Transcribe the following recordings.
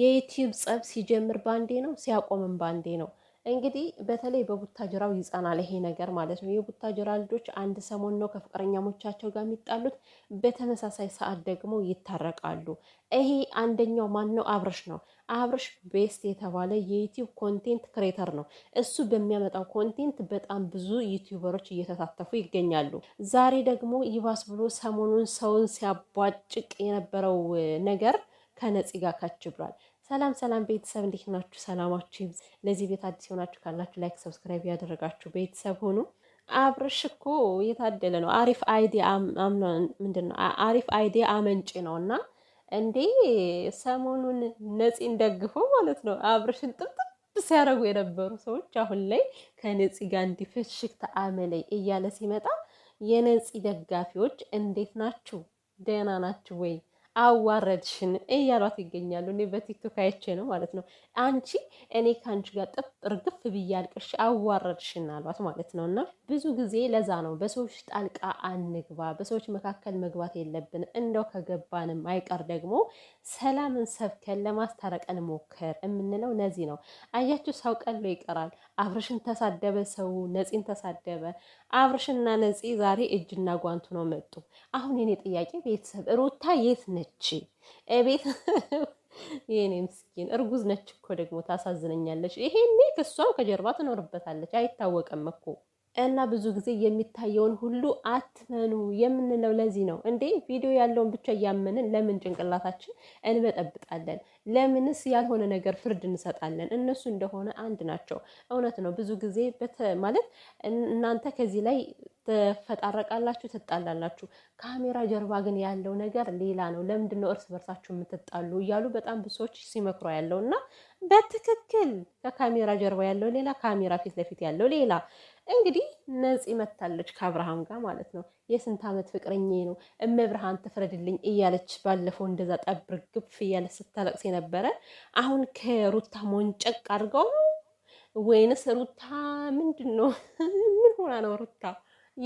የዩቲዩብ ጸብ ሲጀምር ባንዴ ነው፣ ሲያቆምም ባንዴ ነው። እንግዲህ በተለይ በቡታጅራው ይጸናል ይሄ ነገር ማለት ነው። የቡታጅራ ልጆች አንድ ሰሞን ነው ከፍቅረኛሞቻቸው ጋር የሚጣሉት፣ በተመሳሳይ ሰዓት ደግሞ ይታረቃሉ። ይሄ አንደኛው ማን ነው? አብርሽ ነው። አብርሽ ቤስት የተባለ የዩቲዩብ ኮንቴንት ክሬተር ነው። እሱ በሚያመጣው ኮንቴንት በጣም ብዙ ዩቲዩበሮች እየተሳተፉ ይገኛሉ። ዛሬ ደግሞ ይባስ ብሎ ሰሞኑን ሰውን ሲያቧጭቅ የነበረው ነገር ከነፂ ጋር ካች ብሏል። ሰላም ሰላም ቤተሰብ እንዴት ናችሁ? ሰላማችሁ ለዚህ ቤት አዲስ የሆናችሁ ካላችሁ ላይክ፣ ሰብስክራይብ ያደረጋችሁ ቤተሰብ ሆኑ። አብርሽ እኮ የታደለ ነው። አሪፍ አይዲያ ምንድን ነው? አሪፍ አይዲያ አመንጭ ነው እና እንዴ ሰሞኑን ነፂን ደግፎ ማለት ነው አብርሽን ጥብጥብ ሲያደርጉ የነበሩ ሰዎች አሁን ላይ ከነፂ ጋር እንዲፍሽክተ ተአመለይ እያለ ሲመጣ የነፂ ደጋፊዎች እንዴት ናችሁ? ደህና ናችሁ ወይ? አዋረድሽን እያሏት ይገኛሉ። እኔ በቲክቶክ አይቼ ነው ማለት ነው። አንቺ እኔ ከአንቺ ጋር ጥፍ ርግፍ ብዬ አልቅሽ አዋረድሽን አሏት ማለት ነው። እና ብዙ ጊዜ ለዛ ነው በሰዎች ጣልቃ አንግባ፣ በሰዎች መካከል መግባት የለብን። እንደው ከገባንም አይቀር ደግሞ ሰላምን ሰብከን ለማስታረቅ ሞከር የምንለው ነዚህ ነው። አያችሁ፣ ሰው ቀሎ ይቀራል። አብርሽን ተሳደበ ሰው፣ ነፂን ተሳደበ። አብርሽና ነፂ ዛሬ እጅና ጓንቱ ነው መጡ። አሁን የኔ ጥያቄ ቤተሰብ ሩታ የት ነች? ነች። ቤት የኔ ምስኪን እርጉዝ ነች እኮ ደግሞ ታሳዝነኛለች። ይሄኔ ከሷም ከጀርባ ትኖርበታለች። አይታወቅም እኮ እና ብዙ ጊዜ የሚታየውን ሁሉ አትመኑ የምንለው ለዚህ ነው እንዴ። ቪዲዮ ያለውን ብቻ እያመንን ለምን ጭንቅላታችን እንበጠብጣለን? ለምንስ ያልሆነ ነገር ፍርድ እንሰጣለን? እነሱ እንደሆነ አንድ ናቸው። እውነት ነው። ብዙ ጊዜ ማለት እናንተ ከዚህ ላይ ትፈጣረቃላችሁ፣ ትጣላላችሁ። ካሜራ ጀርባ ግን ያለው ነገር ሌላ ነው። ለምንድን ነው እርስ በርሳችሁ የምትጣሉ እያሉ በጣም ብዙ ሰዎች ሲመክሩ ያለው እና በትክክል ከካሜራ ጀርባ ያለው ሌላ፣ ካሜራ ፊት ለፊት ያለው ሌላ። እንግዲህ ነፂ መታለች ከአብርሃም ጋር ማለት ነው። የስንት ዓመት ፍቅረኛ ነው እመብርሃን ትፍረድልኝ እያለች ባለፈው እንደዛ ጠብር ግፍ እያለ ስታለቅስ የነበረ አሁን ከሩታ ሞንጨቅ አድርገው ወይንስ ሩታ ምንድን ነው? ምን ሆና ነው ሩታ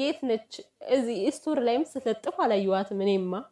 የት ነች? እዚህ ስቶር ላይም ስትለጥፍ አላየኋትም እኔማ